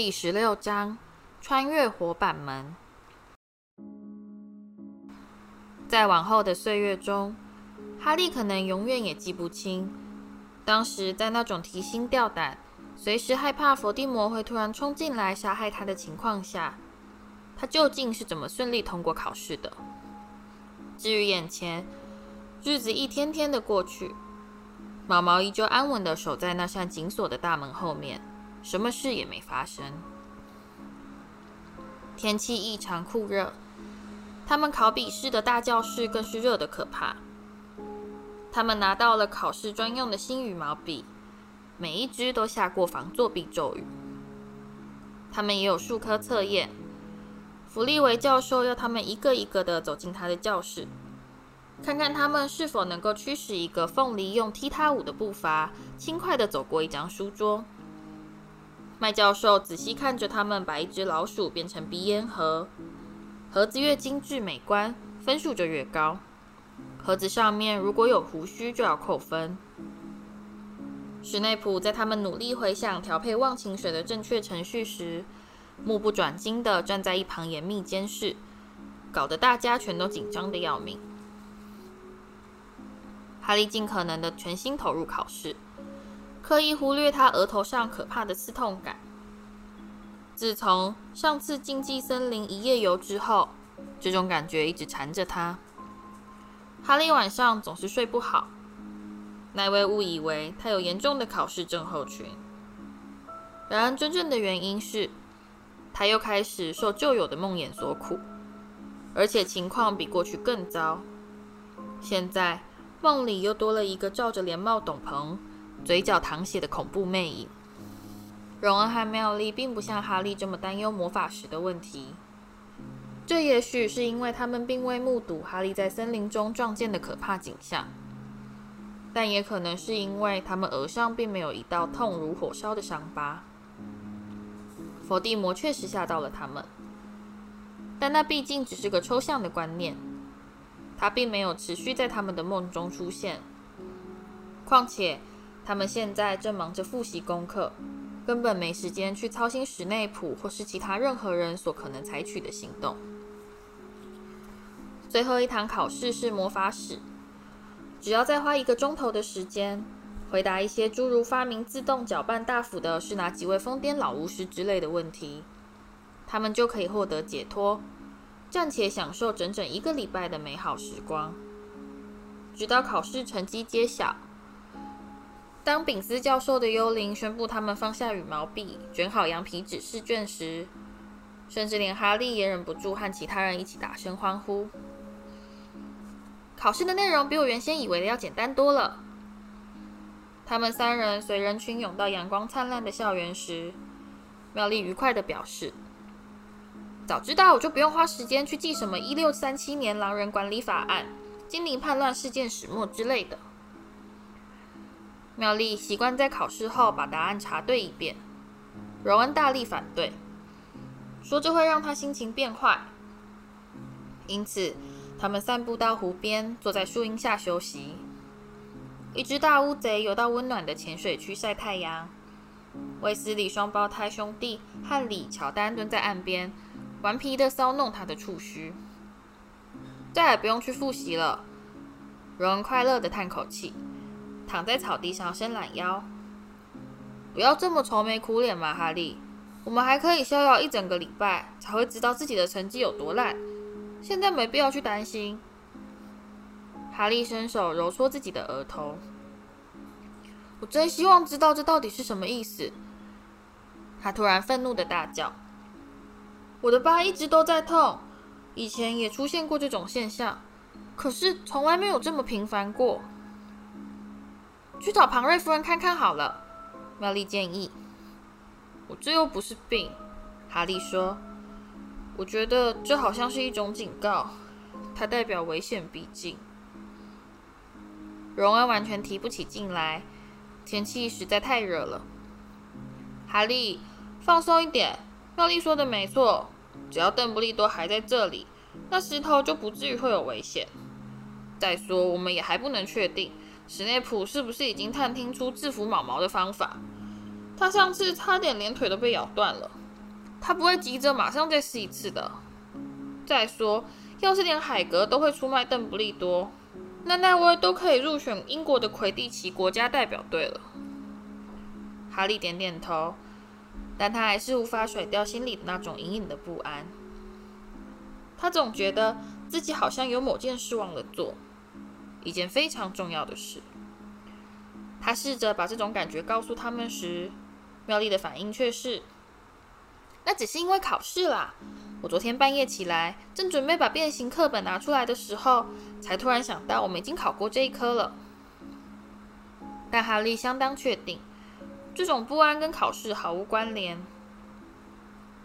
第十六章：穿越活板門。在往後的歲月中，哈利可能永遠也記不清，當時在那種提心吊膽、隨時害怕伏地魔會突然衝進來殺害他的情況下，他究竟是怎麼順利通過考試的。至於眼前，日子一天天的過去，毛毛依舊安穩的守在那扇緊鎖的大門後面。什麼事也沒發生。天氣異常酷熱，他們考筆試的大教室更是熱得可怕。他們拿到了考試專用的新羽毛筆，每一支都下過防作弊咒語。他們也有數科測驗。弗利維教授要他們一個一個的走進他的教室，看看他們是否能夠驅使一個鳳梨用踢踏舞的步伐，輕快地走過一張書桌。麥教授仔細看着他們把一只老鼠變成鼻煙盒，盒子越精致美觀，分數就越高。盒子上面如果有鬍鬚，就要扣分。史內普在他們努力回想調配忘情水的正確程序時，目不轉睛地站在一旁嚴密監視，搞得大家全都緊張得要命。哈利盡可能地全心投入考試。刻意忽略他額頭上可怕的刺痛感。自從上次禁忌森林一夜遊之後，這種感覺一直纏着他。哈利晚上總是睡不好，奈威誤以為他有嚴重的考試症候群，然而真正的原因是，他又開始受舊有的夢魘所苦，而且情況比過去更糟。現在夢裡又多了一個罩着連帽斗篷，嘴角淌血的恐怖魅影。榮恩和妙麗並不像哈利這麼擔憂魔法石的問題，這也許是因為他們並未目睹哈利在森林中撞見的可怕景象，但也可能是因為他們額上並沒有一道痛如火燒的傷疤。佛地魔確實嚇到了他們，但那畢竟只是個抽象的觀念，他並沒有持續在他們的夢中出現。況且。他們現在正忙着複習功課，根本沒時間去操心史內普或是其他任何人所可能採取的行動。最後一堂考試是魔法史，只要再花一個鐘頭的時間，回答一些諸如發明自動攪拌大釜的是哪幾位瘋癲老巫師之類的問題，他們就可以獲得解脫，暫且享受整整一個禮拜的美好時光，直到考試成績揭曉。當賓斯教授的幽靈宣布他們放下羽毛筆、卷好羊皮紙試卷時，甚至連哈利也忍不住和其他人一起大聲歡呼。考試的內容比我原先以為的要簡單多了。他們三人隨人群湧到陽光燦爛的校園時，妙麗愉快地表示：“早知道我就不用花時間去記什麼1637年狼人管理法案、精靈叛亂事件始末之類的。”妙麗習慣在考試後把答案查對一遍，榮恩大力反對，說這會讓他心情變壞。因此，他們散步到湖邊，坐在樹蔭下休息。一隻大烏賊游到溫暖的淺水區曬太陽。衛斯理雙胞胎兄弟和李‧喬丹蹲在岸邊，頑皮的搔弄他的觸鬚。再也不用去複習了，榮恩快樂的嘆口氣。躺在草地上伸懶腰，不要這麼愁眉苦臉嘛，哈利。我們還可以逍遙一整個禮拜才會知道自己的成績有多爛，現在沒必要去擔心。哈利伸手揉搓自己的額頭，我真希望知道這到底是什麼意思。他突然憤怒地大叫：“我的疤一直都在痛，以前也出現過這種現象，可是從來沒有這麼頻繁過。”去找龐瑞夫人看看好了，妙麗建議。我這又不是病，哈利說。我覺得這好像是一種警告，它代表危險逼近。榮恩完全提不起勁來，天氣實在太熱了。哈利放鬆一點，妙麗說的沒錯。只要鄧布利多還在這裡，那石頭就不至於會有危險。再說，我們也還不能確定。史內普是不是已經探聽出制服毛毛的方法？他上次差點連腿都被咬斷了。他不會急着馬上再試一次的。再說，要是連海格都會出賣鄧不利多，那奈威都可以入選英國的魁地奇國家代表隊了。哈利點點頭，但他還是無法甩掉心裡的那種隱隱的不安。他總覺得自己好像有某件事忘了做。一件非常重要的事。他試着把這種感覺告訴他們時，妙麗的反應卻是：“那只是因為考試啦。”我昨天半夜起來，正準備把變形課本拿出來的時候，才突然想到我們已經考過這一科了。但哈利相當確定，這種不安跟考試毫無關聯。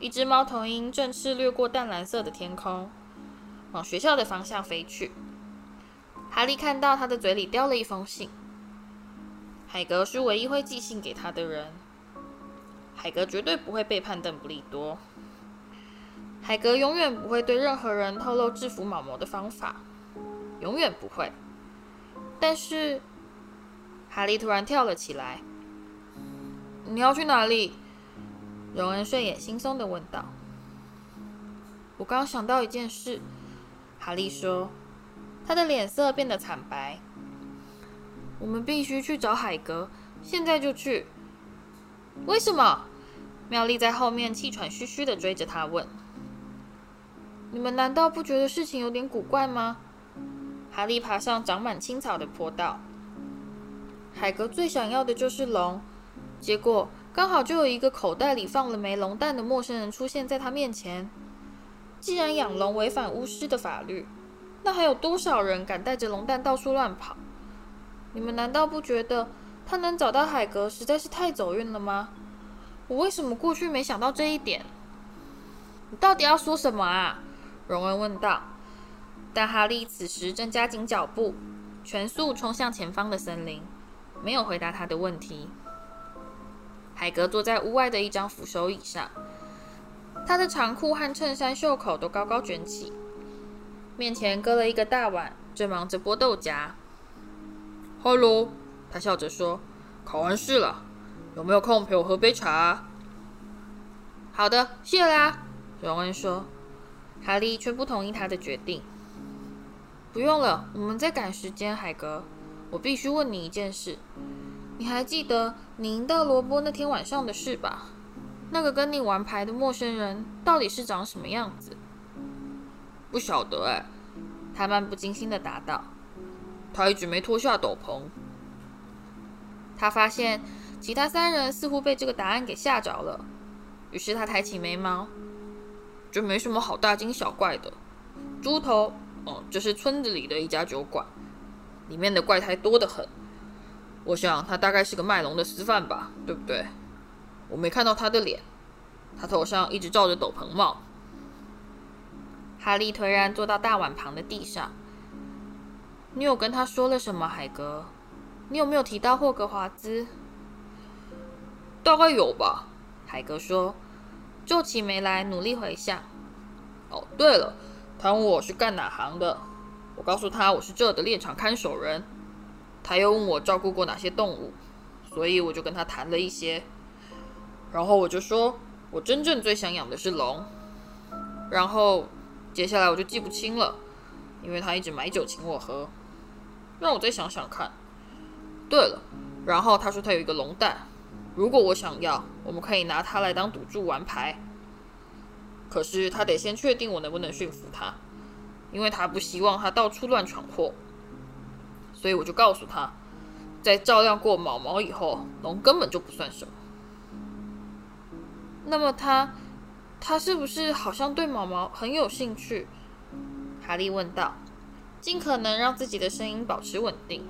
一只貓頭鷹正是掠過淡藍色的天空，往學校的方向飛去。哈利看到他的嘴裡叼了一封信。海格是唯一會寄信給他的人。海格絕對不會背叛鄧布利多。海格永遠不會對任何人透露制服毛毛的方法，永遠不會。但是，哈利突然跳了起來。“你要去哪裡？”榮恩睡眼惺忪地問道。“我剛想到一件事。”哈利說。他的臉色變得慘白。我們必須去找海格，現在就去。為什麼？妙麗在後面氣喘吁吁地追着他問：“你們難道不覺得事情有點古怪嗎？”哈利爬上長滿青草的坡道。海格最想要的就是龍，結果剛好就有一個口袋裡放了枚龍蛋的陌生人出現在他面前。既然養龍違反巫師的法律，那還有多少人敢帶着龍蛋到處亂跑？你們難道不覺得他能找到海格實在是太走運了嗎？我為什麼過去沒想到這一點？你到底要說什麼啊？榮恩問道。但哈利此時正加緊腳步，全速衝向前方的森林，沒有回答他的問題。海格坐在屋外的一張扶手椅上，他的長褲和襯衫袖口都高高捲起。面前擱了一個大碗，正忙着剝豆莢。哈嘍，他笑着說：“考完試了，有沒有空陪我喝杯茶？”“好的，謝啦。”榮恩說。哈利卻不同意他的決定。“不用了，我們在趕時間，海格。我必須問你一件事，你還記得你贏到蘿蔔那天晚上的事吧？那個跟你玩牌的陌生人到底是長什麼樣子？”不曉得哎、欸，他漫不經心地答道。他一直沒脫下斗篷。他發現其他三人似乎被這個答案給嚇着了，於是他抬起眉毛。這沒什麼好大驚小怪的。豬頭，哦，這是村子裡的一家酒館，裡面的怪胎多得很。我想他大概是個賣龍的私販吧，對不對？我沒看到他的臉，他頭上一直罩着斗篷帽。哈利頹然坐到大碗旁的地上。你有跟他說了什麼，海格，你有沒有提到霍格華茲？大概有吧。海格說，皺起眉來，努力回想。哦，對了，他問我是幹哪行的。我告訴他我是這兒的獵場看守人。他又問我照顧過哪些動物，所以我就跟他談了一些。然後我就說我真正最想養的是龍。然後。接下來我就記不清了，因為他一直買酒請我喝。讓我再想想看。對了，然後他說他有一個龍蛋，如果我想要，我們可以拿它來當賭注玩牌。可是他得先確定我能不能馴服它，因為他不希望它到處亂闖禍。所以我就告訴他，在照料過毛毛以後，龍根本就不算什麼。那麼他？他是不是好像對毛毛很有興趣？哈利問道，盡可能讓自己的聲音保持穩定。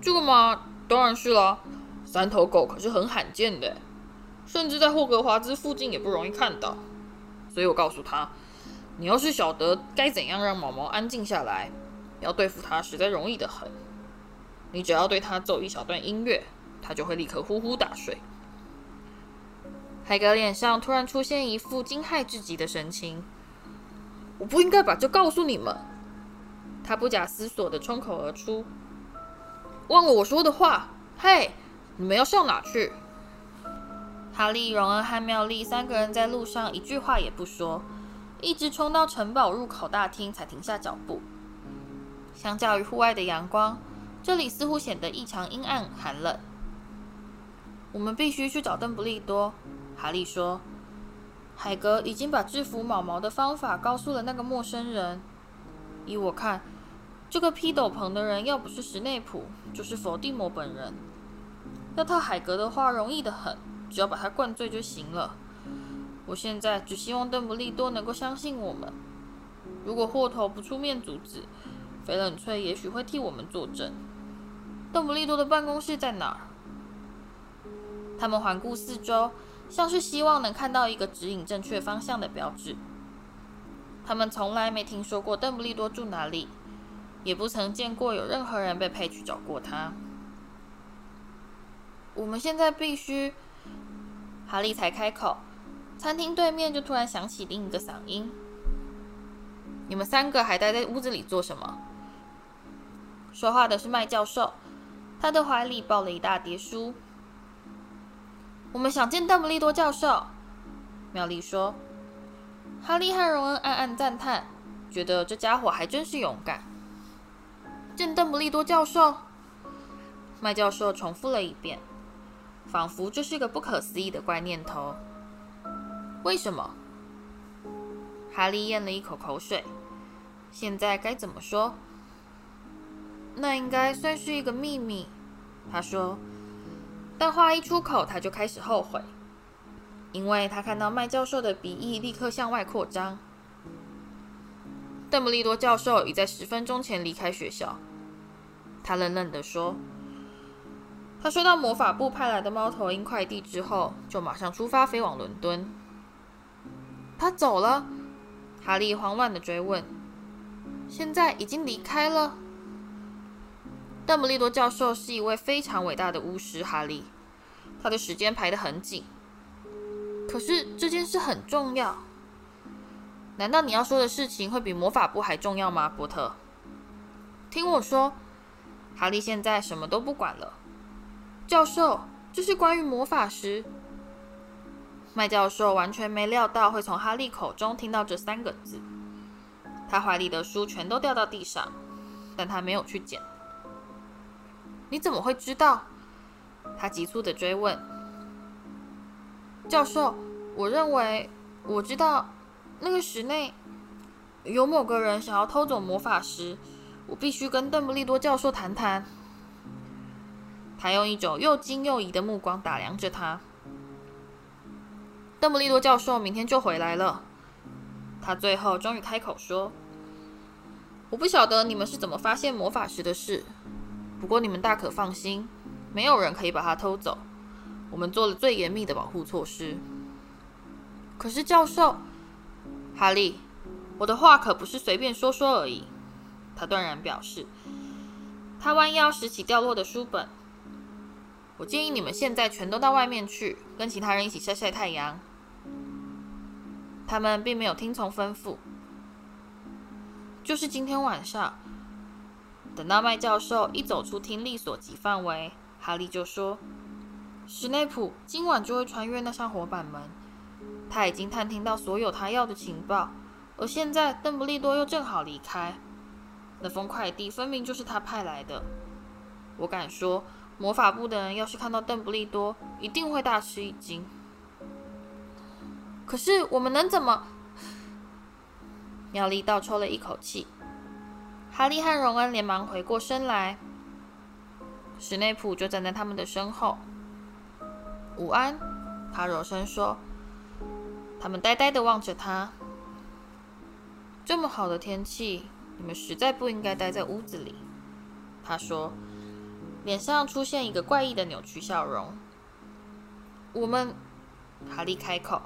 這個嘛，當然是啦。三頭狗可是很罕見的，甚至在霍格華茲附近也不容易看到。所以我告訴他，你要是曉得該怎樣讓毛毛安靜下來，要對付它實在容易得很。你只要對它奏一小段音樂，它就會立刻呼呼大睡。海格臉上突然出現一副驚駭至極的神情。我不應該把這告訴你們，他不假思索地衝口而出。忘了我說的話，嘿，你們要上哪去？哈利、榮恩和妙麗三個人在路上一句話也不說，一直衝到城堡入口大廳才停下腳步。相較於戶外的陽光，這裡似乎顯得異常陰暗寒冷。我們必須去找鄧布利多。哈利說：“海格已經把制服毛毛的方法告訴了那個陌生人。依我看，這個披斗篷的人要不是史內普，就是伏地魔本人。要套海格的話，容易得很，只要把他灌醉就行了。我現在只希望鄧布利多能夠相信我們。如果霍頭不出面阻止，翡冷翠也許會替我們作證。鄧布利多的辦公室在哪兒？”他們環顧四周。像是希望能看到一個指引正確方向的標誌。他們從來沒聽說過鄧布利多住哪裡，也不曾見過有任何人被派去找過他。我們現在必須。哈利才開口，餐廳對面就突然響起另一個嗓音：“你們三個還待在屋子裡做什麼？”說話的是麥教授，他的懷裡抱了一大疊書。我們想見鄧布利多教授，妙麗說。哈利和榮恩暗暗讚嘆，覺得這家伙還真是勇敢。見鄧布利多教授，麥教授重複了一遍，仿佛這是個不可思議的怪念頭。為什麼？哈利咽了一口口水。現在該怎麼說？那應該算是一個秘密，他說。但話一出口，他就開始後悔，因為他看到麥教授的鼻翼立刻向外擴張。鄧布利多教授已在十分鐘前離開學校。他冷冷的說：“他收到魔法部派來的貓頭鷹快遞之後，就馬上出發飛往倫敦。”他走了？哈利慌亂的追問：“現在已經離開了？”鄧布利多教授是一位非常偉大的巫師，哈利。他的時間排得很緊，可是這件事很重要。難道你要說的事情會比魔法部還重要嗎，波特？聽我說，哈利現在什麼都不管了。教授，這是關於魔法石。麥教授完全沒料到會從哈利口中聽到這三個字，他懷裡的書全都掉到地上，但他沒有去撿。你怎麼會知道？他急促地追問。教授，我認為我知道，那個室內有某個人想要偷走魔法石，我必須跟鄧布利多教授談談。他用一種又驚又疑的目光打量着他。鄧布利多教授明天就回來了。他最後終於開口說：“我不曉得你們是怎麼發現魔法石的事。”不過你們大可放心，沒有人可以把它偷走。我們做了最嚴密的保護措施。可是教授，哈利，我的話可不是隨便說說而已。”他斷然表示。他彎腰拾起掉落的書本。我建議你們現在全都到外面去，跟其他人一起曬曬太陽。他們並沒有聽從吩咐。就是今天晚上。等到麥教授一走出聽力所及範圍，哈利就說：“史內普今晚就會穿越那扇活板門。他已經探聽到所有他要的情報，而現在鄧布利多又正好離開。那封快遞分明就是他派來的。我敢說，魔法部的人要是看到鄧布利多，一定會大吃一驚。可是我們能怎麼？” 妙麗倒抽了一口氣。哈利和榮恩連忙回過身來，史內普就站在他們的身後。“午安。”他柔聲說。他們呆呆地望着他。“這麼好的天氣，你們實在不應該待在屋子裡。”他說，臉上出現一個怪異的扭曲笑容。“我們。”哈利開口。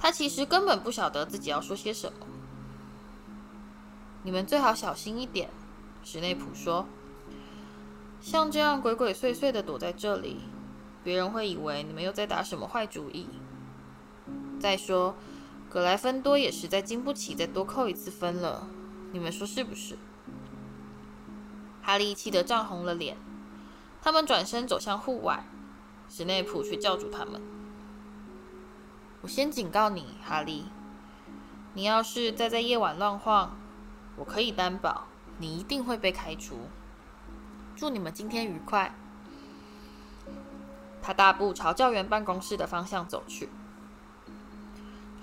他其實根本不曉得自己要說些什麼。你們最好小心一點，史內普說：“像這樣鬼鬼祟祟的躲在這裡，別人會以為你們又在打什麼壞主意。再說，葛萊芬多也實在經不起再多扣一次分了，你們說是不是？”哈利氣得漲紅了臉。他們轉身走向戶外，史內普卻叫住他們：“我先警告你，哈利，你要是再在在夜晚亂晃……”我可以擔保，你一定會被開除。祝你們今天愉快。他大步朝教員辦公室的方向走去。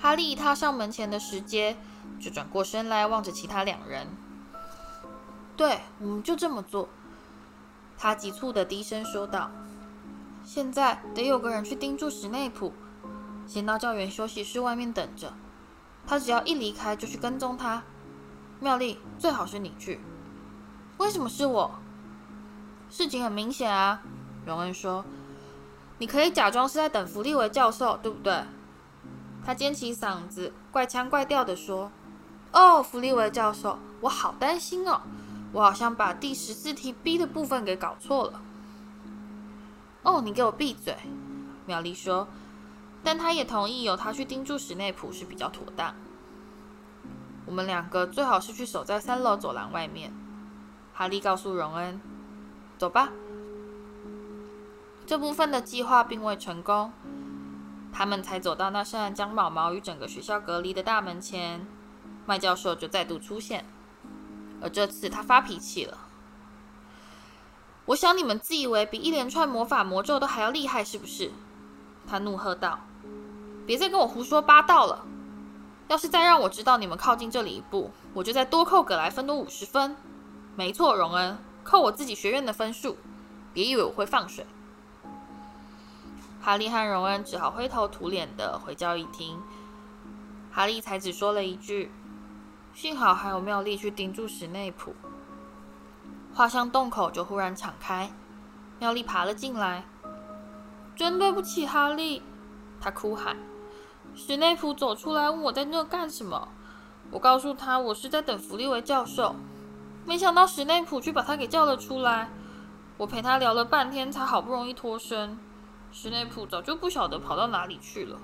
哈利一踏上門前的石階，就轉過身來望着其他兩人。對，我們就這麼做。他急促地低聲說道：“現在得有個人去盯住史內普，先到教員休息室外面等着。他只要一離開，就去跟蹤他。”妙麗，最好是你去。為什麼是我？事情很明顯啊。榮恩說：“你可以假裝是在等福利維教授，對不對？”他尖起嗓子，怪腔怪調地說：“哦，福利維教授，我好擔心哦，我好像把第十四題 B 的部分給搞錯了。”哦，你給我閉嘴！妙麗說。但他也同意由他去盯住史內普是比較妥當。我們兩個最好是去守在三樓走廊外面。哈利告訴榮恩：“走吧。”這部分的計劃並未成功。他們才走到那扇將毛毛與整個學校隔離的大門前，麥教授就再度出現，而這次他發脾氣了。“我想你們自以為比一連串魔法魔咒都還要厲害，是不是？”他怒喝道，“別再跟我胡說八道了！”要是再讓我知道你們靠近這裡一步，我就再多扣葛萊芬多五十分。沒錯，榮恩，扣我自己學院的分數。別以為我會放水。哈利和榮恩只好灰頭土臉的回交誼廳。哈利才只說了一句：“幸好還有妙麗去盯住史內普。”畫像洞口就忽然敞開，妙麗爬了進來。真對不起，哈利，她哭喊。史內普走出來，問我在那幹什麼。我告訴他，我是在等福利維教授。沒想到史內普卻把他給叫了出來。我陪他聊了半天，才好不容易脫身。史內普早就不曉得跑到哪裡去了。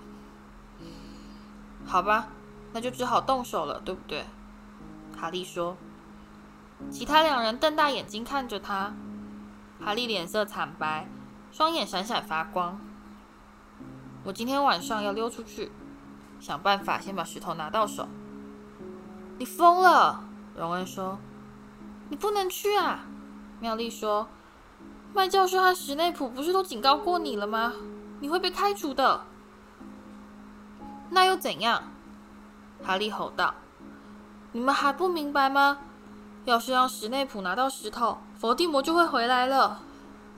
好吧，那就只好動手了，對不對？哈利說。其他兩人瞪大眼睛看着他。哈利臉色慘白，雙眼閃閃發光。我今天晚上要溜出去。想辦法先把石頭拿到手。你瘋了，榮恩說。你不能去啊，妙麗說。麥教授和史內普不是都警告過你了嗎？你會被開除的。那又怎樣？哈利吼道。你們還不明白嗎？要是讓史內普拿到石頭，佛地魔就會回來了。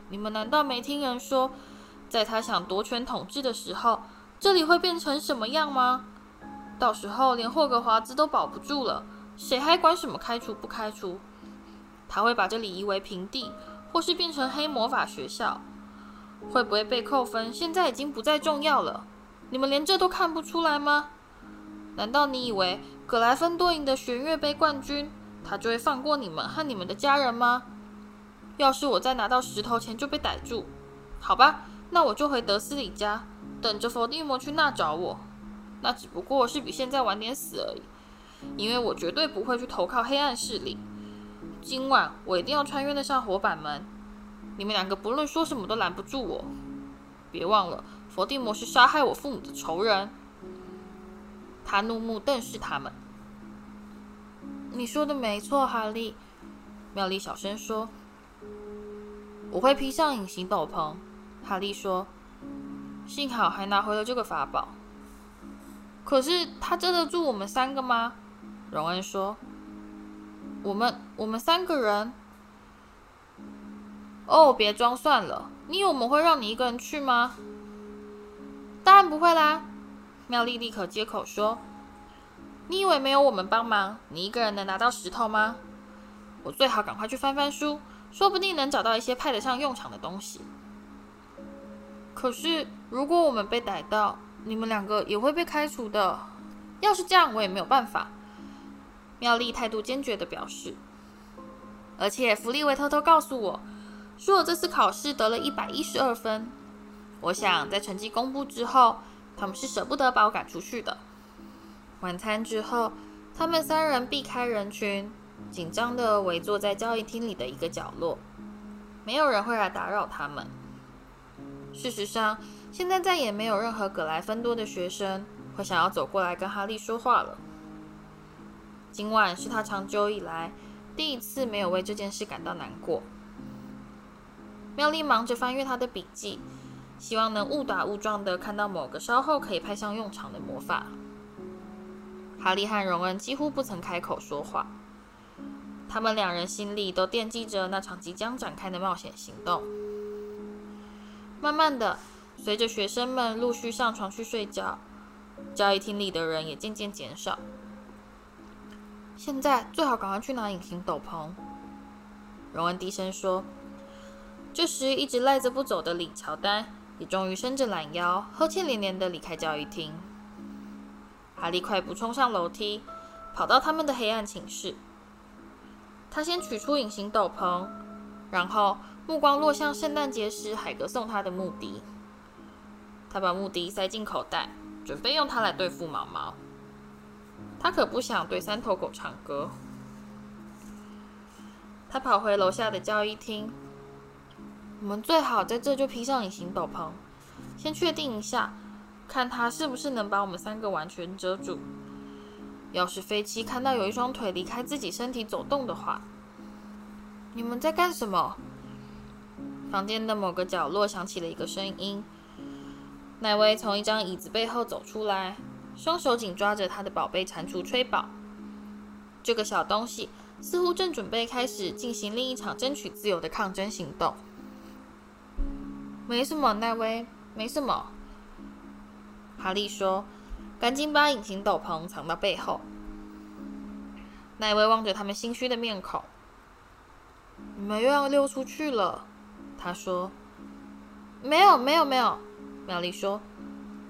你們難道沒聽人說，在他想奪權統治的時候……這裡會變成什麼樣嗎？到時候連霍格華茲都保不住了，誰還管什麼開除不開除？他會把這裡夷為平地，或是變成黑魔法學校？會不會被扣分？現在已經不再重要了。你們連這都看不出來嗎？難道你以為葛萊芬多贏得學院杯冠軍，他就會放過你們和你們的家人嗎？要是我在拿到石頭前就被逮住，好吧，那我就回德思禮家。等着佛地魔去那找我，那只不過是比現在晚點死而已。因為我絕對不會去投靠黑暗勢力。今晚我一定要穿越那扇活板門。你們兩個不論說什麼都攔不住我。別忘了，佛地魔是殺害我父母的仇人。他怒目瞪視他們。你說的沒錯，哈利。妙麗小聲說。我會披上隱形斗篷，哈利說。幸好還拿回了這個法寶，可是他遮得住我們三個嗎？榮恩說：“我們我們三個人。”哦，別裝蒜了，你以為我們會讓你一個人去嗎？當然不會啦！妙麗立刻接口說：“你以為沒有我們幫忙，你一個人能拿到石頭嗎？”我最好趕快去翻翻書，說不定能找到一些派得上用場的東西。可是，如果我們被逮到，你們兩個也會被開除的。要是這樣，我也沒有辦法。妙麗態度堅決的表示。而且，弗利維偷偷告訴我，說我這次考試得了一百一十二分。我想，在成績公布之後，他們是捨不得把我趕出去的。晚餐之後，他們三人避開人群，緊張的圍坐在交誼廳裡的一個角落，沒有人會來打擾他們。事實上，現在再也沒有任何葛萊芬多的學生會想要走過來跟哈利說話了。今晚是他長久以來第一次沒有為這件事感到難過。妙麗忙着翻閱他的筆記，希望能誤打誤撞地看到某個稍後可以派上用場的魔法。哈利和榮恩幾乎不曾開口說話，他們兩人心裡都惦記着那場即將展開的冒險行動。慢慢的，隨着學生們陸續上床去睡覺，交誼廳裡的人也漸漸減少。現在最好趕快去拿隱形斗篷，榮恩低聲說。這時，一直賴着不走的李喬丹也終於伸着懶腰，呵欠連連的離開交誼廳。哈利快步衝上樓梯，跑到他們的黑暗寢室。他先取出隱形斗篷，然後，目光落向聖誕節時海格送他的木笛，他把木笛塞進口袋，準備用它來對付毛毛。他可不想對三頭狗唱歌。他跑回樓下的交誼廳。我們最好在這就披上隱形斗篷，先確定一下，看它是不是能把我們三個完全遮住。要是飛七看到有一雙腿離開自己身體走動的話，你們在幹什麼？房間的某個角落響起了一個聲音。奈威從一張椅子背後走出來，雙手緊抓着他的寶貝蟾蜍吹寶。這個小東西似乎正準備開始進行另一場爭取自由的抗爭行動。沒什麼，奈威，沒什麼。哈利說：“趕緊把隱形斗篷藏到背後。”奈威望着他們心虛的面孔：“你們又要溜出去了。”他說：“沒有，沒有，沒有。”妙麗說：“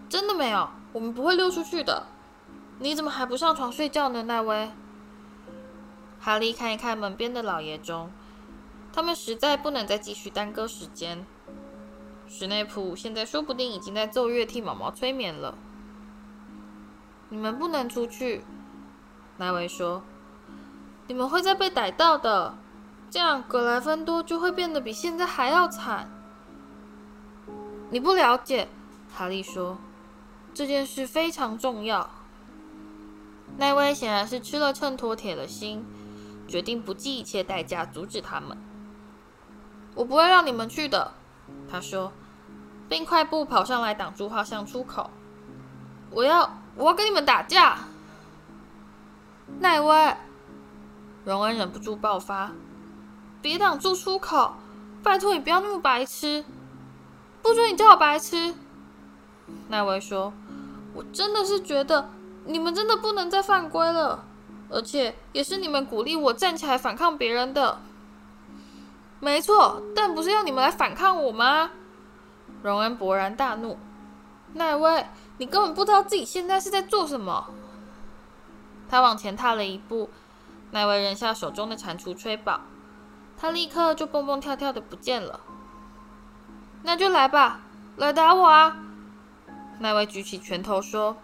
真的沒有，我們不會溜出去的。”你怎麼還不上床睡覺呢，奈威？哈利看一看門邊的老爺鐘，他們實在不能再繼續耽擱時間。史內普現在說不定已經在奏樂替毛毛催眠了。你們不能出去，奈威說：“你們會再被逮到的。”這樣，格萊芬多就會變得比現在還要慘。你不了解，哈利說，這件事非常重要。奈威顯然是吃了秤砣，鐵了心，決定不計一切代價阻止他們。我不會讓你們去的，他說，並快步跑上來擋住畫像出口。我要，我要跟你們打架！奈威，榮恩忍不住爆發。別擋住出口！拜託你不要那麼白痴！不准你叫我白痴！奈威說：“我真的是覺得你們真的不能再犯規了，而且也是你們鼓勵我站起來反抗別人的。”沒錯，但不是要你們來反抗我嗎？榮恩勃然大怒：“奈威，你根本不知道自己現在是在做什麼。”他往前踏了一步，奈威扔下手中的蟾蜍吹寶。他立刻就蹦蹦跳跳的不見了。那就來吧，來打我啊！奈威舉起拳頭說：“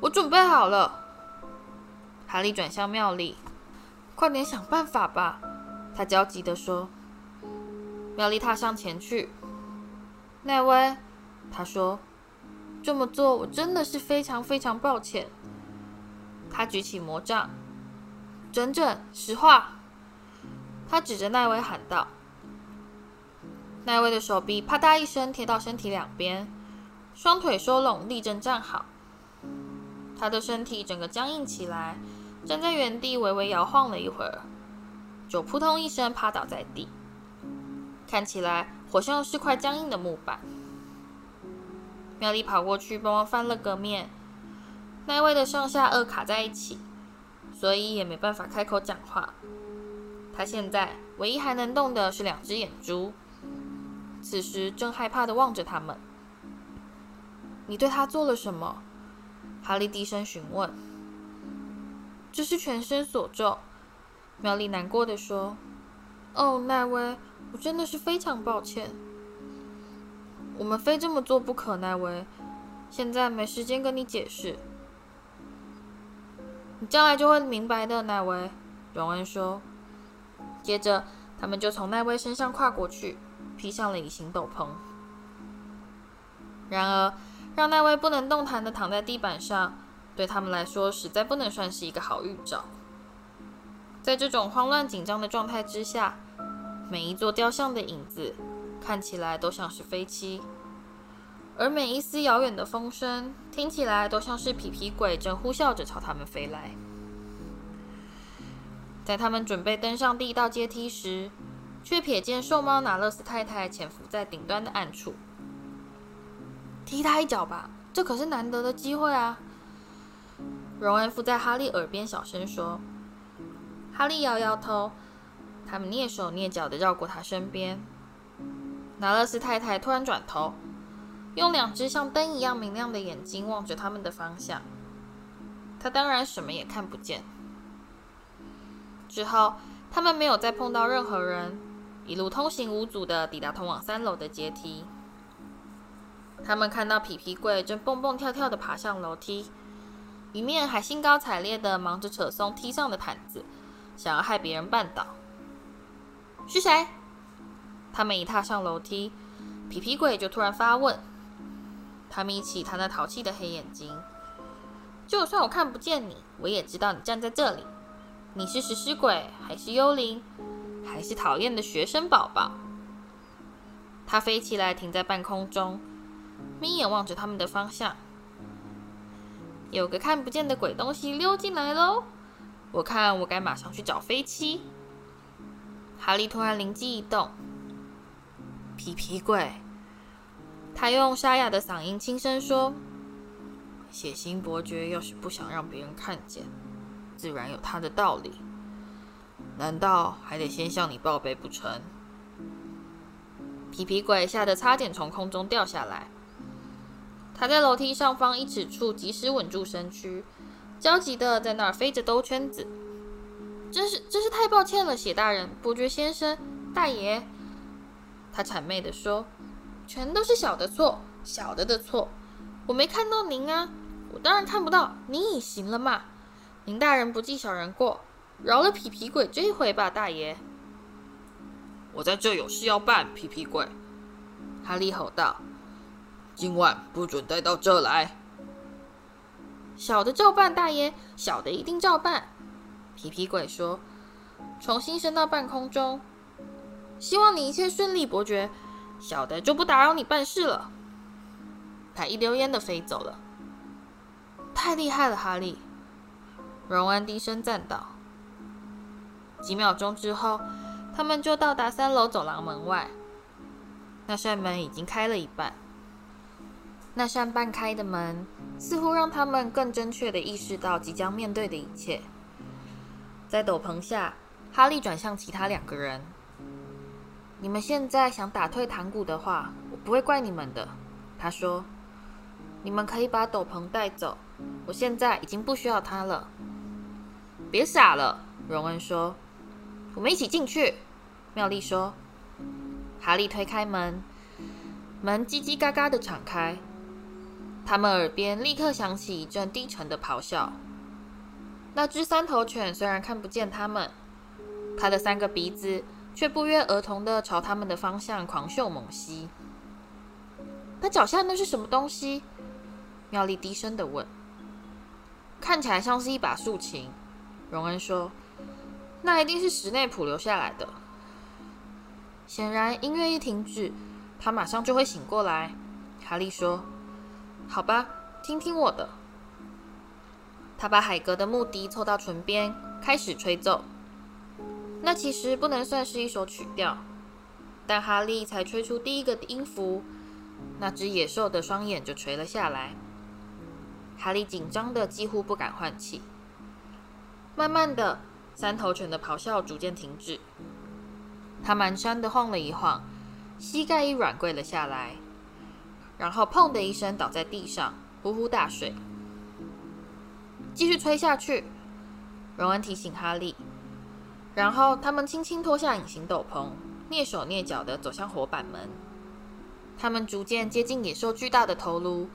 我準備好了。”哈利轉向妙麗，快點想辦法吧！”他焦急的說。妙麗踏上前去。奈威。他說：“這麼做，我真的是非常非常抱歉。”他舉起魔杖：“整整石化。實話”他指着奈威喊道：“奈威的手臂啪嗒一聲貼到身體兩邊，雙腿收攏，立正站好。他的身體整個僵硬起來，站在原地微微搖晃了一會兒，就撲通一聲趴倒在地，看起來好像是塊僵硬的木板。”妙麗跑過去幫忙翻了個面，奈威的上下顎卡在一起，所以也沒辦法開口講話。他現在唯一還能動的是兩隻眼珠，此時正害怕的望着他們。你對他做了什麼？哈利低聲詢問。這是全身鎖咒，妙麗難過的說。哦，奈威，我真的是非常抱歉。我們非這麼做不可，奈威。現在沒時間跟你解釋。你將來就會明白的，奈威。榮恩說。接着，他們就從奈威身上跨過去，披上了隱形斗篷。然而，讓奈威不能動彈地躺在地板上，對他們來說實在不能算是一個好預兆。在這種慌亂緊張的狀態之下，每一座雕像的影子看起來都像是飛七，而每一絲遙遠的風聲聽起來都像是皮皮鬼正呼嘯着朝他們飛來。在他們準備登上第一道階梯時，卻瞥見瘦貓拿勒斯太太潛伏在頂端的暗處。踢他一腳吧，這可是難得的機會啊！榮恩附在哈利耳邊小聲說。哈利搖搖頭。他們躡手躡腳地繞過他身邊。拿勒斯太太突然轉頭，用兩隻像燈一樣明亮的眼睛望着他們的方向。他當然什麼也看不見。之後，他們沒有再碰到任何人，一路通行無阻的抵達通往三樓的階梯。他們看到皮皮鬼正蹦蹦跳跳的爬上樓梯，一面還興高采烈的忙着扯鬆梯上的毯子，想要害別人絆倒。是誰？他們一踏上樓梯，皮皮鬼就突然發問，他瞇起他那淘氣的黑眼睛，就算我看不見你，我也知道你站在這裡。你是食屍鬼還是幽靈，還是討厭的學生寶寶？他飛起來，停在半空中，眯眼望着他們的方向。有個看不見的鬼東西溜進來嘍！我看我該馬上去找飛七。哈利突然靈機一動，皮皮鬼。他用沙啞的嗓音輕聲說：“血腥伯爵要是不想讓別人看見。”自然有他的道理，難道還得先向你報備不成？皮皮鬼嚇得差點從空中掉下來，他在樓梯上方一尺處及時穩住身軀，焦急地在那兒飛着兜圈子。真是真是太抱歉了，血大人、伯爵先生、大爺，他諂媚地說：“全都是小的錯，小的的錯，我沒看到您啊，我當然看不到，您隱形了嘛。”您大人不計小人過，饒了皮皮鬼這一回吧，大爺！我在這有事要辦，皮皮鬼！哈利吼道：“今晚不准帶到這來！”小的照辦，大爺。小的一定照辦。”皮皮鬼說：“重新升到半空中，希望你一切順利，伯爵。小的就不打擾你辦事了。”他一溜煙的飛走了。太厲害了，哈利！榮恩低聲讚道。幾秒鐘之後，他們就到達三樓走廊門外。那扇門已經開了一半。那扇半開的門似乎讓他們更準確地意識到即將面對的一切。在斗篷下，哈利轉向其他兩個人：“你們現在想打退堂鼓的話，我不會怪你們的。”他說：“你們可以把斗篷帶走，我現在已經不需要他了。”別傻了，榮恩說。我們一起進去，妙麗說。哈利推開門，門吱吱嘎嘎地敞開，他們耳邊立刻響起一陣低沉的咆哮。那隻三頭犬雖然看不見他們，它的三個鼻子卻不約而同地朝他們的方向狂嗅猛吸。它腳下那是什麼東西？妙麗低聲地問。看起來像是一把豎琴。榮恩說：“那一定是史內普留下來的。顯然，音樂一停止，他馬上就會醒過來。”哈利說：“好吧，聽聽我的。”他把海格的木笛湊到唇邊，開始吹奏。那其實不能算是一首曲調，但哈利才吹出第一個音符，那只野獸的雙眼就垂了下來。哈利緊張得幾乎不敢換氣。慢慢的，三頭犬的咆哮逐漸停止。它蹣跚地晃了一晃，膝蓋一軟跪了下來，然後砰的一聲倒在地上，呼呼大睡。繼續吹下去，榮恩提醒哈利。然後他們輕輕脫下隱形斗篷，躡手躡腳地走向活板門。他們逐漸接近野獸巨大的頭顱，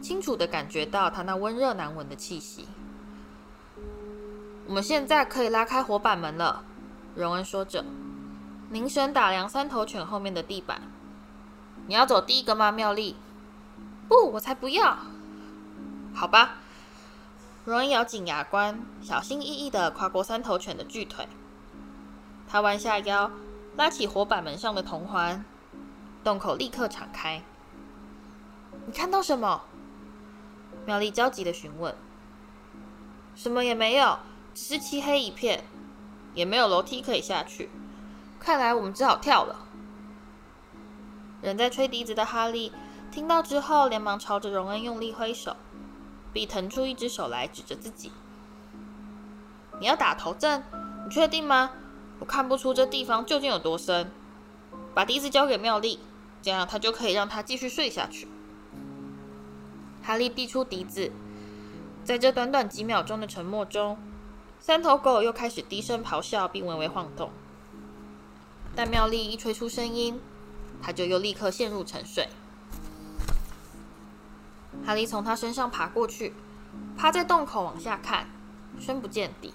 清楚地感覺到它那溫熱難聞的氣息。我們現在可以拉開活板門了，榮恩說着，凝神打量三頭犬後面的地板。你要走第一個嗎，妙麗？不，我才不要。好吧，榮恩咬緊牙關，小心翼翼的跨過三頭犬的巨腿。他彎下腰，拉起活板門上的銅環，洞口立刻敞開。你看到什麼？妙麗焦急的詢問。什麼也沒有。只是漆黑一片，也沒有樓梯可以下去，看來我們只好跳了。仍在吹笛子的哈利聽到之後，連忙朝着榮恩用力揮手，並騰出一隻手來指着自己：“你要打頭陣，你確定嗎？我看不出這地方究竟有多深。把笛子交給妙麗，這樣她就可以讓她繼續睡下去。”哈利遞出笛子，在這短短幾秒鐘的沉默中。三頭狗又開始低聲咆哮，並微微晃動。但妙麗一吹出聲音，它就又立刻陷入沉睡。哈利從他身上爬過去，趴在洞口往下看，深不見底。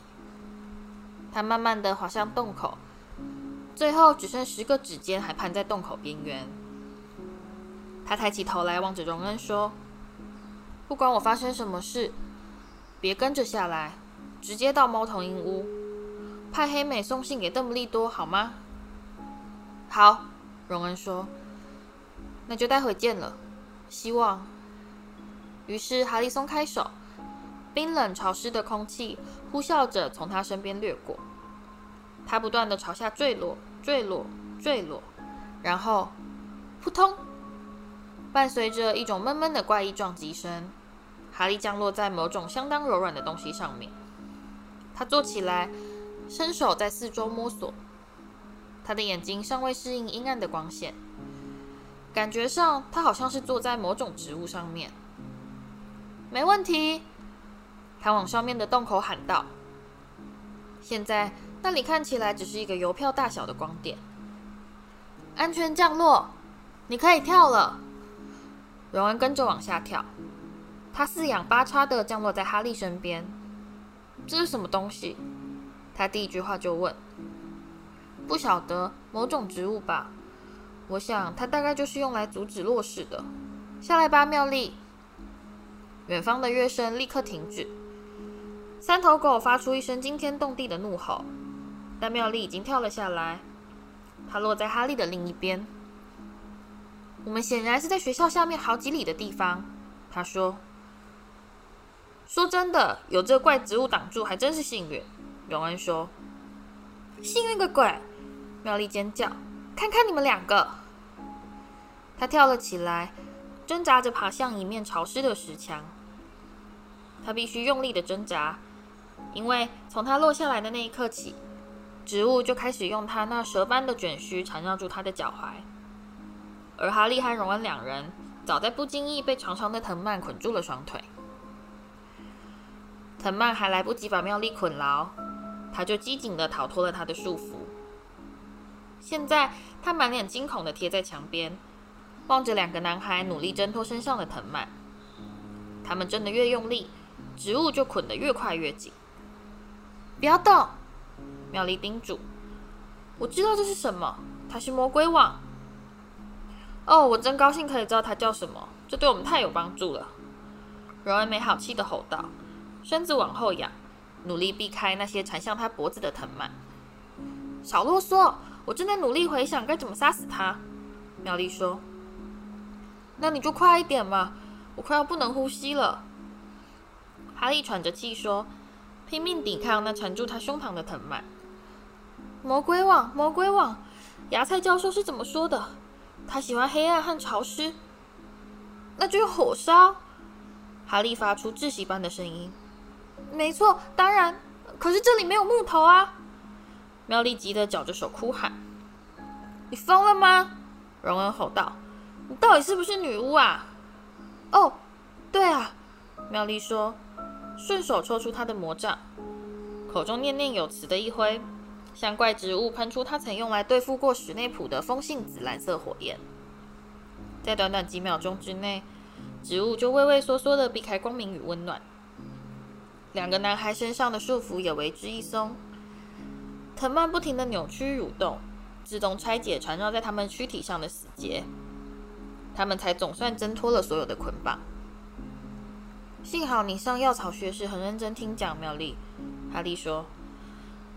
他慢慢地滑向洞口，最後只剩十個指尖還攀在洞口邊緣。他抬起頭來，望着榮恩說：“不管我發生什麼事，別跟着下來。”直接到貓頭鷹屋，派嘿美送信給鄧布利多好嗎？好，榮恩說。那就待會見了，希望。於是哈利鬆開手，冰冷潮濕的空氣呼嘯着從他身邊掠過，他不斷地朝下墜落，墜落，墜落，然後撲通，伴隨着一種悶悶的怪異撞擊聲，哈利降落在某種相當柔軟的東西上面。他坐起來，伸手在四周摸索。他的眼睛尚未適應陰暗的光線，感覺上他好像是坐在某種植物上面。沒問題，他往上面的洞口喊道：“現在那裡看起來只是一個郵票大小的光點。安全降落，你可以跳了。”榮恩跟着往下跳，他四仰八叉地降落在哈利身邊。這是什麼東西？他第一句話就問。不曉得，某種植物吧。我想它大概就是用來阻止落勢的。下來吧，妙麗。遠方的樂聲立刻停止。三頭狗發出一聲驚天動地的怒吼，但妙麗已經跳了下來。它落在哈利的另一邊。我們顯然是在學校下面好幾里的地方，他說。說真的，有這怪植物擋住，還真是幸運。榮恩說：“幸運個鬼！”妙麗尖叫：“看看你們兩個！”她跳了起來，掙扎着爬向一面潮濕的石牆。她必須用力地掙扎，因為從她落下來的那一刻起，植物就開始用它那蛇般的捲須纏繞住她的腳踝。而哈利和榮恩兩人，早在不經意被長長的藤蔓捆住了雙腿。藤蔓還來不及把妙麗捆牢，他就機警的逃脫了他的束縛。現在他滿臉驚恐的貼在牆邊，望着兩個男孩努力掙脫身上的藤蔓。他們掙得越用力，植物就捆得越快越緊。不要動，妙麗叮囑。我知道這是什麼，它是魔鬼網。哦，我真高興可以知道它叫什麼，這對我們太有幫助了。榮恩沒好氣的吼道。身子往後仰，努力避開那些纏向他脖子的藤蔓。少囉嗦，我正在努力回想該怎麼殺死他。妙麗說：“那你就快一點嘛，我快要不能呼吸了。”哈利喘着氣說，拼命抵抗那纏住他胸膛的藤蔓。魔鬼網，魔鬼網，芽菜教授是怎麼說的？他喜歡黑暗和潮濕。那就用火燒！哈利發出窒息般的聲音。沒錯，當然，可是這裡沒有木頭啊！妙麗急得絞着手，哭喊：“你瘋了嗎？”榮恩吼道：“你到底是不是女巫啊？”哦，對啊，妙麗說，順手抽出她的魔杖，口中念念有詞的一揮，向怪植物噴出她曾用來對付過史內普的風信子藍色火焰。在短短幾秒鐘之內，植物就畏畏縮縮的避開光明與溫暖。兩個男孩身上的束縛也為之一鬆，藤蔓不停的扭曲蠕動，自動拆解纏繞在他們軀體上的死結，他們才總算掙脫了所有的捆綁。幸好你上藥草學時很認真聽講，妙麗，哈利說。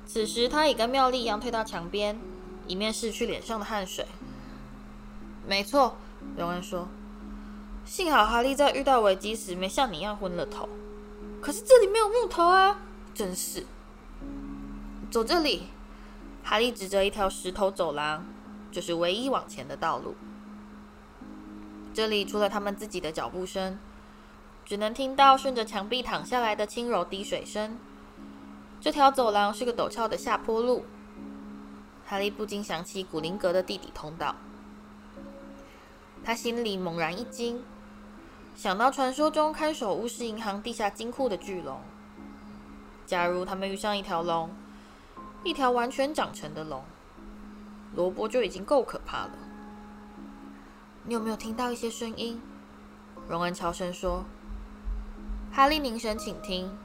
此時他已跟妙麗一樣退到牆邊，一面拭去臉上的汗水。沒錯，榮恩說。幸好哈利在遇到危機時沒像你一樣昏了頭。可是這裡沒有木頭啊！真是，走這裡。哈利指着一條石頭走廊，就是唯一往前的道路。這裡除了他們自己的腳步聲，只能聽到順着牆壁淌下來的輕柔滴水聲。這條走廊是個陡峭的下坡路。哈利不禁想起古靈閣的地底通道，他心裡猛然一驚。想到傳說中看守巫師銀行地下金庫的巨龍，假如他們遇上一條龍，一條完全長成的龍，蘿蔔就已經夠可怕了。你有沒有聽到一些聲音？榮恩悄聲說。哈利凝神傾聽，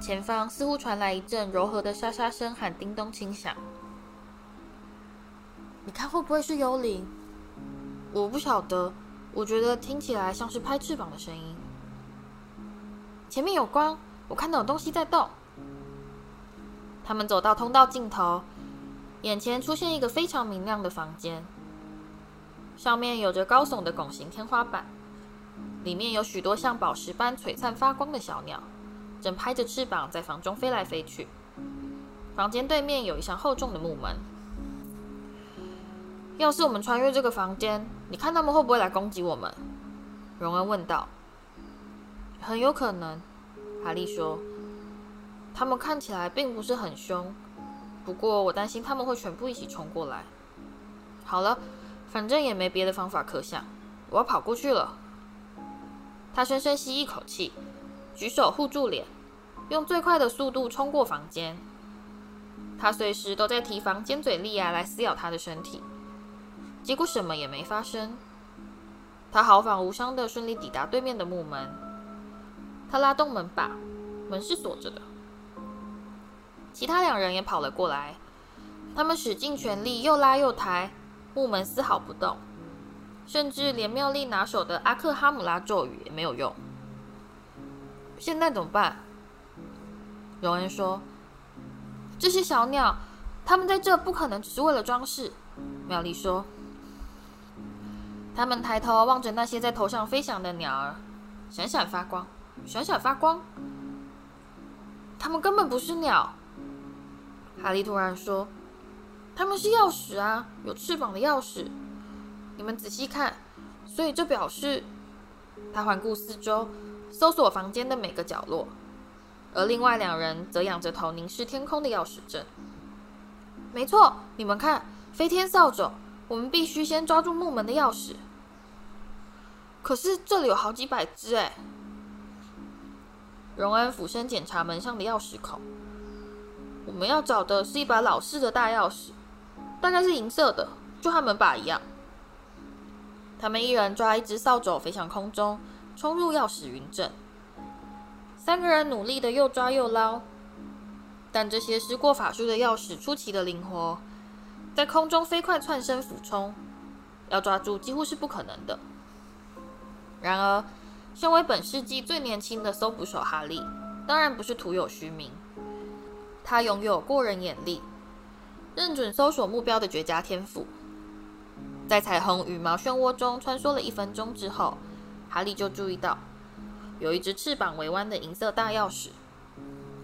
前方似乎傳來一陣柔和的沙沙聲，和叮咚輕響。你看會不會是幽靈？我不曉得。我覺得聽起來像是拍翅膀的聲音。前面有光，我看到有東西在動。他們走到通道盡頭，眼前出現一個非常明亮的房間，上面有着高聳的拱形天花板，裡面有許多像寶石般璀璨發光的小鳥，正拍着翅膀在房中飛來飛去。房間對面有一扇厚重的木門。要是我們穿越這個房間，你看他們會不會來攻擊我們？”榮恩問道。“很有可能。”哈利說，“他們看起來並不是很兇，不過我擔心他們會全部一起衝過來。好了，反正也沒別的方法可想，我要跑過去了。”他深深吸一口氣，舉手護住臉，用最快的速度衝過房間。他隨時都在提防尖嘴利牙來撕咬他的身體。結果什麼也沒發生，他毫髮無傷地順利抵達對面的木門。他拉動門把，門是鎖着的。其他兩人也跑了過來，他們使盡全力又拉又抬，木門絲毫不動，甚至連妙麗拿手的阿克哈姆拉咒語也沒有用。現在怎麼辦？榮恩說：“這些小鳥，他們在這不可能只是為了裝飾。”妙麗說。他們抬頭望着那些在頭上飛翔的鳥兒，閃閃發光，閃閃發光。他們根本不是鳥，哈利突然說：“他們是鑰匙啊，有翅膀的鑰匙。你們仔細看，所以這表示……”他環顧四周，搜索房間的每個角落，而另外兩人則仰着頭凝視天空的鑰匙陣。沒錯，你們看，飛天掃帚。我們必須先抓住木門的鑰匙。可是這裡有好幾百隻哎！榮恩俯身檢查門上的鑰匙孔。我們要找的是一把老式的大鑰匙，大概是銀色的，就和門把一樣。他們一人抓一隻掃帚，飛向空中，衝入鑰匙雲陣。三個人努力的又抓又撈，但這些施過法術的鑰匙出奇的靈活，在空中飛快竄身俯衝，要抓住幾乎是不可能的。然而，身為本世紀最年輕的搜捕手哈利，當然不是徒有虛名。他擁有過人眼力、認準搜索目標的絕佳天賦。在彩虹羽毛漩渦中穿梭了一分鐘之後，哈利就注意到有一隻翅膀微彎的銀色大鑰匙，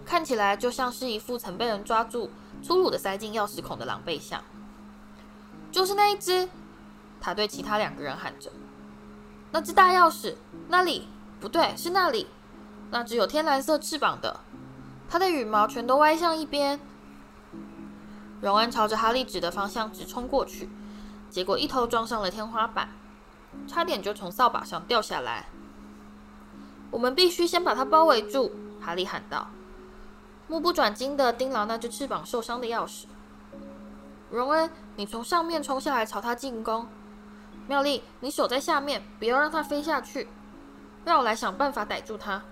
看起來就像是一副曾被人抓住、粗魯的塞進鑰匙孔的狼狽相。就是那一隻！他對其他兩個人喊着。那只大鑰匙，那裡不對，是那裡。那只有天藍色翅膀的，它的羽毛全都歪向一邊。榮恩朝着哈利指的方向直衝過去，結果一頭撞上了天花板，差點就從掃把上掉下來。我們必須先把它包圍住，哈利喊道，目不轉睛地盯牢那只翅膀受傷的鑰匙。榮恩，你從上面衝下來，朝它進攻。妙麗，你守在下面，不要讓它飛下去。讓我來想辦法逮住它。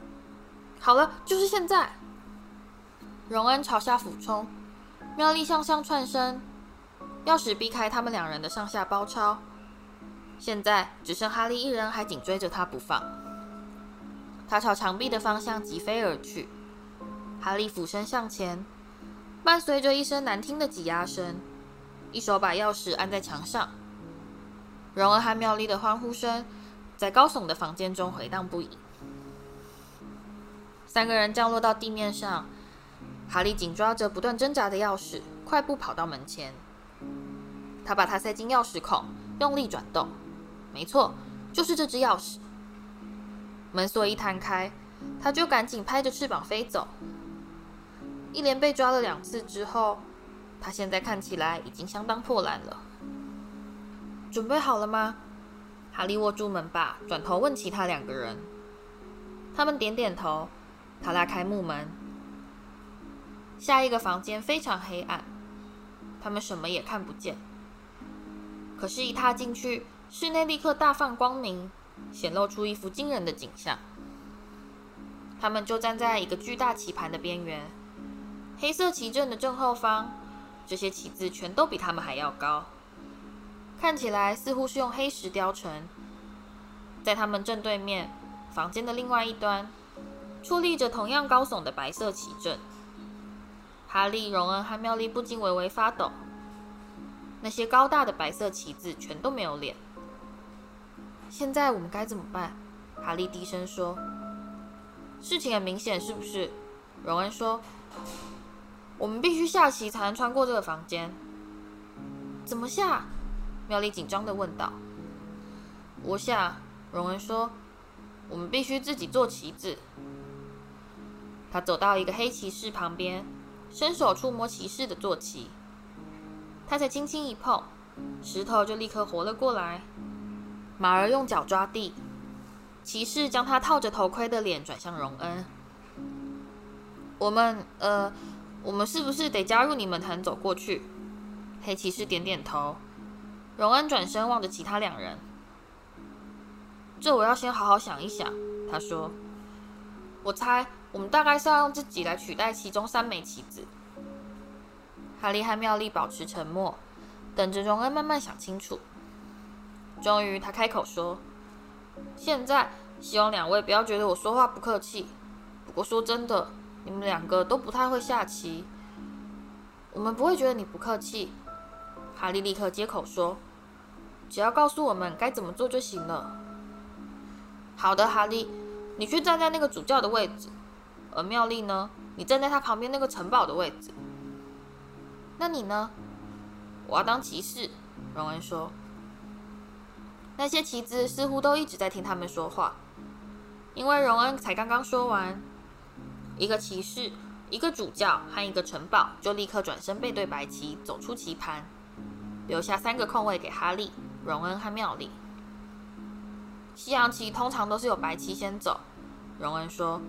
好了，就是現在。榮恩朝下俯衝，妙麗向上竄身，鑰匙避開他們兩人的上下包抄。現在只剩哈利一人，還緊追着他不放。他朝牆壁的方向疾飛而去。哈利俯身向前，伴隨着一聲難聽的擠壓聲，一手把鑰匙按在牆上。榮恩和妙麗的歡呼聲在高聳的房間中回盪不已。三個人降落到地面上，哈利緊抓着不斷掙扎的鑰匙，快步跑到門前。他把它塞進鑰匙孔，用力轉動。沒錯，就是這隻鑰匙。門鎖一彈開，他就趕緊拍着翅膀飛走。一連被抓了兩次之後，他現在看起來已經相當破爛了。準備好了嗎？哈利握住門把，轉頭問其他兩個人。他們點點頭。他拉開木門。下一個房間非常黑暗，他們什麼也看不見。可是，一踏進去，室內立刻大放光明，顯露出一幅驚人的景象。他們就站在一個巨大棋盤的邊緣，黑色棋陣的正後方。這些棋子全都比他們還要高。看起來似乎是用黑石雕成。在他們正對面，房間的另外一端，矗立着同樣高聳的白色棋子。哈利、榮恩和妙麗不禁微微發抖。那些高大的白色棋子全都沒有臉。現在我們該怎麼辦？哈利低聲說：“事情很明顯，是不是？”榮恩說：“我們必須下棋才能穿過這個房間。怎麼下？”妙麗緊張的問道：“我想，榮恩說，我們必須自己做棋子。”他走到一個黑騎士旁邊，伸手觸摸騎士的坐騎。他才輕輕一碰，石頭就立刻活了過來。馬兒用腳抓地，騎士將他套着頭盔的臉轉向榮恩：“嗯、我們……呃，我們是不是得加入你們才能走過去？”黑騎士點點頭。榮恩轉身望着其他兩人，這我要先好好想一想。他說：“我猜我們大概是要用自己來取代其中三枚棋子。”哈利和妙麗保持沉默，等着榮恩慢慢想清楚。終於，他開口說：“現在，希望兩位不要覺得我說話不客氣。不過說真的，你們兩個都不太會下棋，我們不會覺得你不客氣。”哈利立刻接口說：“只要告訴我們該怎麼做就行了。”“好的，哈利，你去站在那個主教的位置，而妙麗呢，你站在他旁邊那個城堡的位置。那你呢？”“我要當騎士。”榮恩說。那些棋子似乎都一直在聽他們說話，因為榮恩才剛剛說完，一個騎士、一個主教和一個城堡就立刻轉身背對白棋，走出棋盤。留下三個空位給哈利、榮恩和妙麗。西洋棋通常都是有白棋先走。榮恩說：“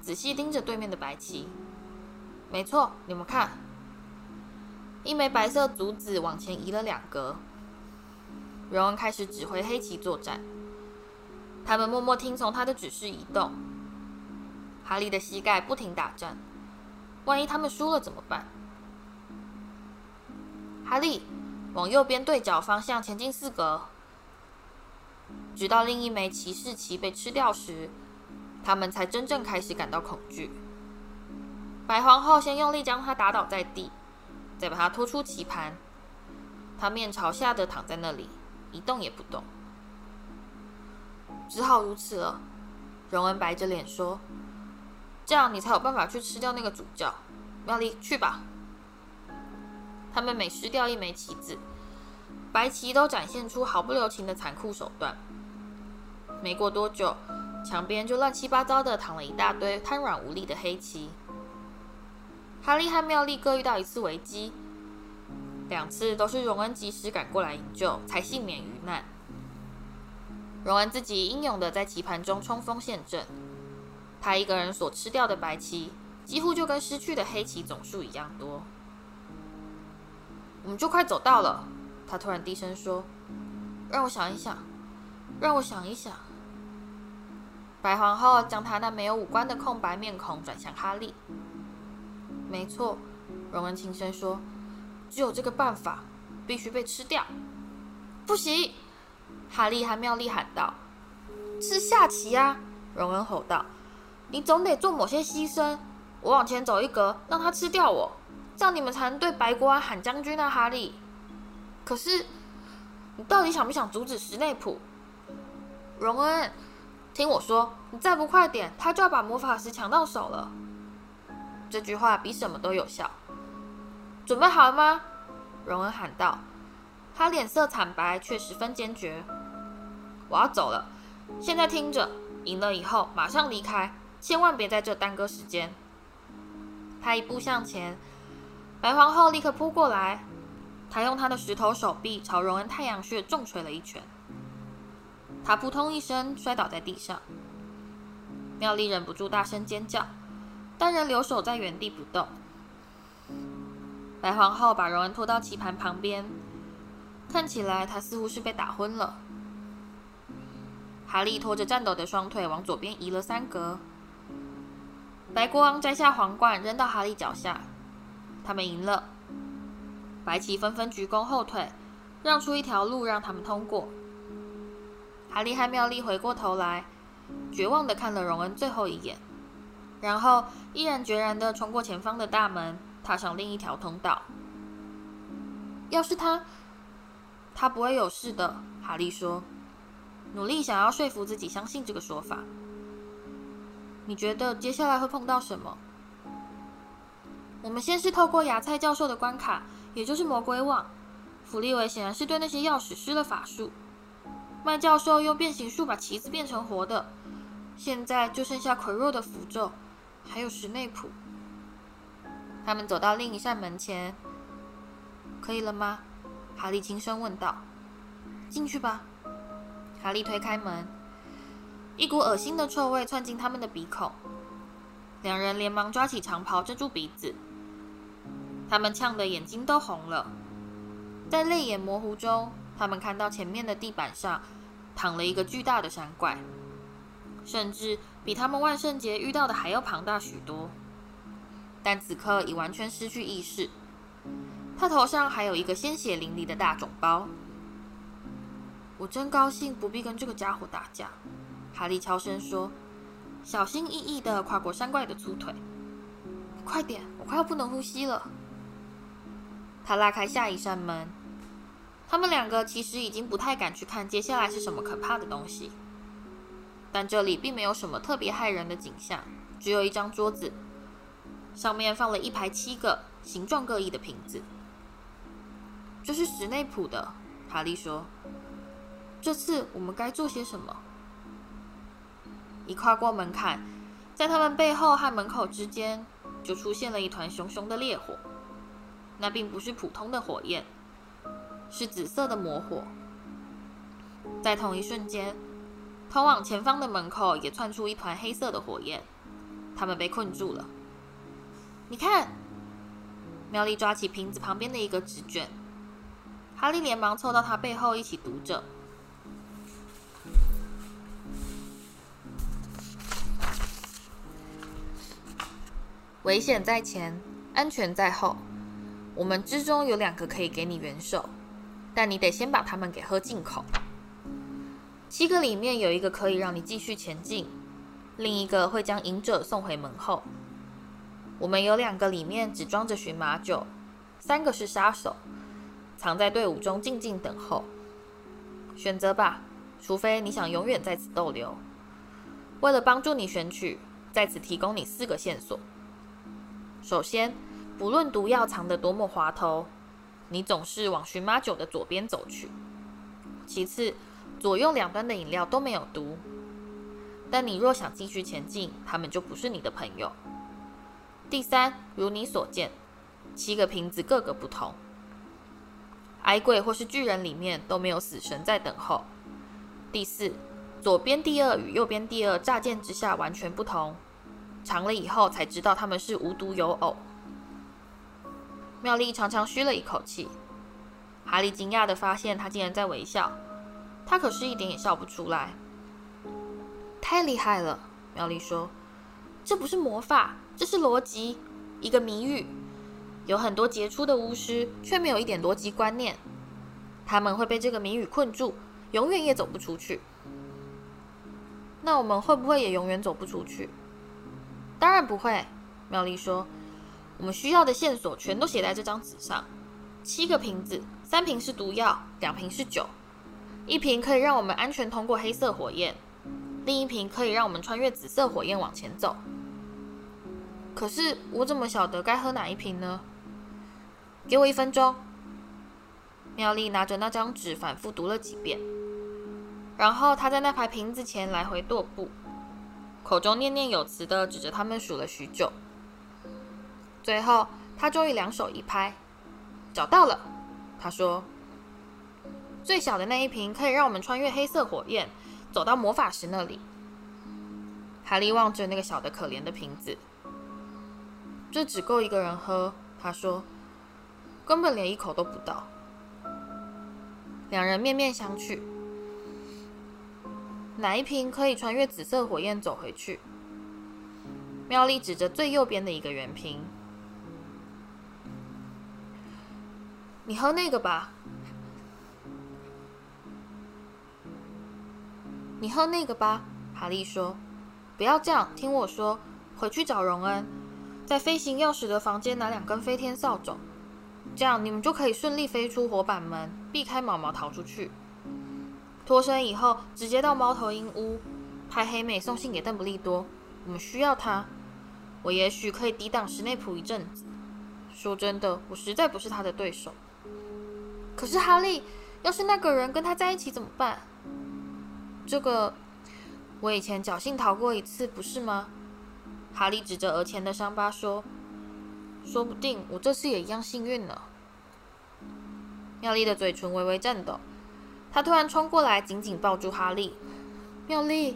仔細盯着對面的白棋，沒錯，你們看，一枚白色卒子往前移了兩格。”榮恩開始指揮黑棋作戰，他們默默聽從他的指示移動。哈利的膝蓋不停打顫，萬一他們輸了怎麼辦？哈利，往右邊對角方向前進四格，直到另一枚騎士棋被吃掉時，他們才真正開始感到恐懼。白皇后先用力將他打倒在地，再把他拖出棋盤。他面朝下的躺在那裡，一動也不動。只好如此了。榮恩白着臉說：“這樣你才有辦法去吃掉那個主教。”妙麗，去吧。他們每失掉一枚棋子，白棋都展現出毫不留情的殘酷手段。沒過多久，牆邊就亂七八糟地躺了一大堆癱軟無力的黑棋。哈利和妙麗各遇到一次危機，兩次都是榮恩及時趕過來營救，才幸免於難。榮恩自己英勇地在棋盤中衝鋒陷陣，他一個人所吃掉的白棋，幾乎就跟失去的黑棋總數一樣多。我們就快走到了，他突然低聲說：“讓我想一想，讓我想一想。”白皇后將她那沒有五官的空白面孔轉向哈利。“沒錯。”榮恩輕聲說，“只有這個辦法，必須被吃掉。”“不行！”哈利還妙麗喊道。“是下棋啊！”榮恩吼道。“你總得做某些犧牲。”“我往前走一格，讓他吃掉我。”這樣你們才能對白國王喊將軍呢。啊，哈利。可是你到底想不想阻止史內普？榮恩，聽我說，你再不快點，他就要把魔法石搶到手了。這句話比什麼都有效。準備好了嗎？榮恩喊道。他臉色慘白，卻十分堅決。我要走了。現在聽着，贏了以後馬上離開，千萬別在這耽擱時間。他一步向前。白皇后立刻撲過來，她用她的石頭手臂朝榮恩太陽穴重錘了一拳，他撲通一聲摔倒在地上。妙麗忍不住大聲尖叫，但仍留守在原地不動。白皇后把榮恩拖到棋盤旁邊，看起來他似乎是被打昏了。哈利拖着顫抖的雙腿往左邊移了三格。白國王摘下皇冠，扔到哈利腳下。他們贏了，白棋紛紛鞠躬後退，讓出一條路讓他們通過。哈利和妙麗回過頭來，絕望的看了榮恩最後一眼，然後毅然決然的衝過前方的大門，踏上另一條通道。要是他，他不會有事的，哈利說，努力想要說服自己相信這個說法。你覺得接下來會碰到什麼？我們先是透過芽菜教授的關卡，也就是魔鬼網。孚立維顯然是對那些鑰匙施了法術。麥教授用變形術把棋子變成活的。現在就剩下奎若的符咒，還有石內卜。他們走到另一扇門前。可以了嗎？哈利輕聲問道。進去吧。哈利推開門，一股噁心的臭味竄進他們的鼻孔，兩人連忙抓起長袍遮住鼻子。他們嗆得眼睛都紅了，在淚眼模糊中，他們看到前面的地板上躺了一個巨大的山怪，甚至比他們萬聖節遇到的還要龐大許多。但此刻已完全失去意識，他頭上還有一個鮮血淋漓的大腫包。我真高興不必跟這個家伙打架，哈利悄聲說，小心翼翼地跨過山怪的粗腿。快點，我快要不能呼吸了。他拉開下一扇門，他們兩個其實已經不太敢去看接下來是什麼可怕的東西，但這裡並沒有什麼特別駭人的景象，只有一張桌子，上面放了一排七個形狀各異的瓶子，這是史內普的。哈利說：“這次我們該做些什麼？”一跨過門檻，在他們背後和門口之間，就出現了一團熊熊的烈火。那並不是普通的火焰，是紫色的魔火。在同一瞬間，通往前方的門口也竄出一團黑色的火焰，他們被困住了。你看，妙麗抓起瓶子旁邊的一個紙卷，哈利連忙湊到他背後一起讀着：“危險在前，安全在後。”我們之中有兩個可以給你援手，但你得先把他們給喝進口。七個裡面有一個可以讓你繼續前進，另一個會將飲者送回門後。我們有兩個裡面只裝着蕁麻酒，三個是殺手，藏在隊伍中靜靜等候。選擇吧，除非你想永遠在此逗留。為了幫助你選取，在此提供你四個線索。首先。不論毒藥藏得多麼滑頭，你總是往蕁麻酒的左邊走去。其次，左右兩端的飲料都沒有毒，但你若想繼續前進，他們就不是你的朋友。第三，如你所見，七個瓶子各個不同，矮鬼或是巨人裡面都沒有死神在等候。第四，左邊第二與右邊第二乍見之下完全不同，嘗了以後才知道他們是無獨有偶。妙麗長長吁了一口氣，哈利驚訝地發現她竟然在微笑，他可是一點也笑不出來。太厲害了，妙麗說：“這不是魔法，這是邏輯，一個謎語。有很多傑出的巫師卻沒有一點邏輯觀念，他們會被這個謎語困住，永遠也走不出去。那我們會不會也永遠走不出去？”“當然不會。”妙麗說。我們需要的線索全都寫在這張紙上。七個瓶子，三瓶是毒藥，兩瓶是酒，一瓶可以讓我們安全通過黑色火焰，另一瓶可以讓我們穿越紫色火焰往前走。可是我怎麼曉得該喝哪一瓶呢？給我一分鐘。妙麗拿着那張紙反復讀了幾遍，然後她在那排瓶子前來回踱步，口中念念有詞地指着他們數了許久。最後，他終於兩手一拍，找到了。他說：“最小的那一瓶可以讓我們穿越黑色火焰，走到魔法石那裡。”哈利望着那個小的可憐的瓶子，這只夠一個人喝。他說：“根本連一口都不到。”兩人面面相覷。哪一瓶可以穿越紫色火焰走回去？妙麗指着最右邊的一個圓瓶。你喝那個吧，你喝那個吧。哈利說：“不要這樣，聽我說，回去找榮恩，在飛行鑰匙的房間拿兩根飛天掃帚，這樣你們就可以順利飛出活板門，避開毛毛逃出去。脫身以後，直接到貓頭鷹屋，派黑妹送信給鄧布利多。我們需要他。我也許可以抵擋史內普一陣子。說真的，我實在不是他的對手。”可是哈利，要是那個人跟他在一起怎麼辦？這個，我以前僥倖逃過一次，不是嗎？哈利指着額前的傷疤說：“說不定我這次也一樣幸運呢。”妙麗的嘴唇微微顫抖，她突然衝過來，緊緊抱住哈利。妙麗，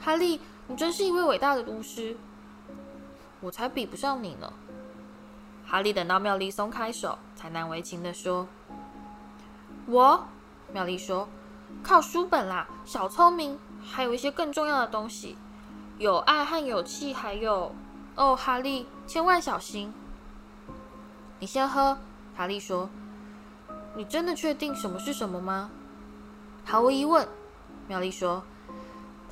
哈利，你真是一位偉大的巫師，我才比不上你呢。哈利等到妙麗鬆開手，才難為情地說：“我。”妙麗說：“靠書本啦，小聰明，還有一些更重要的東西，有愛和勇氣，還有……哦，哈利，千萬小心！你先喝。”哈利說：“你真的確定什麼是什麼嗎？”毫無疑問，妙麗說：“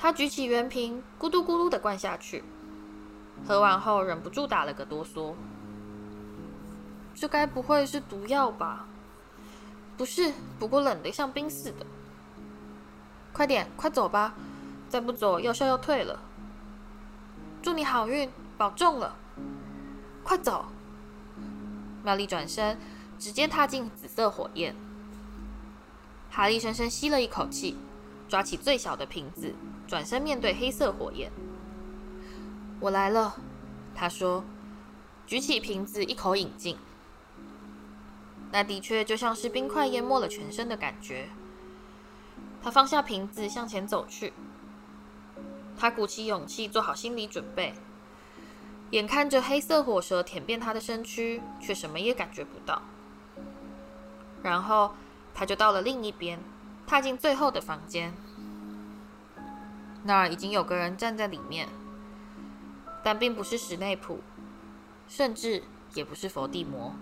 她舉起圓瓶，咕嘟咕嘟地灌下去，喝完後忍不住打了個哆嗦。”這該不會是毒藥吧？不是，不過冷得像冰似的。快點，快走吧！再不走，藥效要退了。祝你好運，保重了。快走！妙麗轉身，直接踏進紫色火焰。哈利深深吸了一口氣，抓起最小的瓶子，轉身面對黑色火焰。我來了，他說，舉起瓶子，一口飲盡。那的確就像是冰塊淹沒了全身的感覺。他放下瓶子，向前走去。他鼓起勇氣，做好心理準備。眼看着黑色火舌舔遍他的身軀，卻什麼也感覺不到。然後他就到了另一邊，踏進最後的房間。那兒已經有個人站在裡面，但並不是史內普，甚至也不是佛地魔。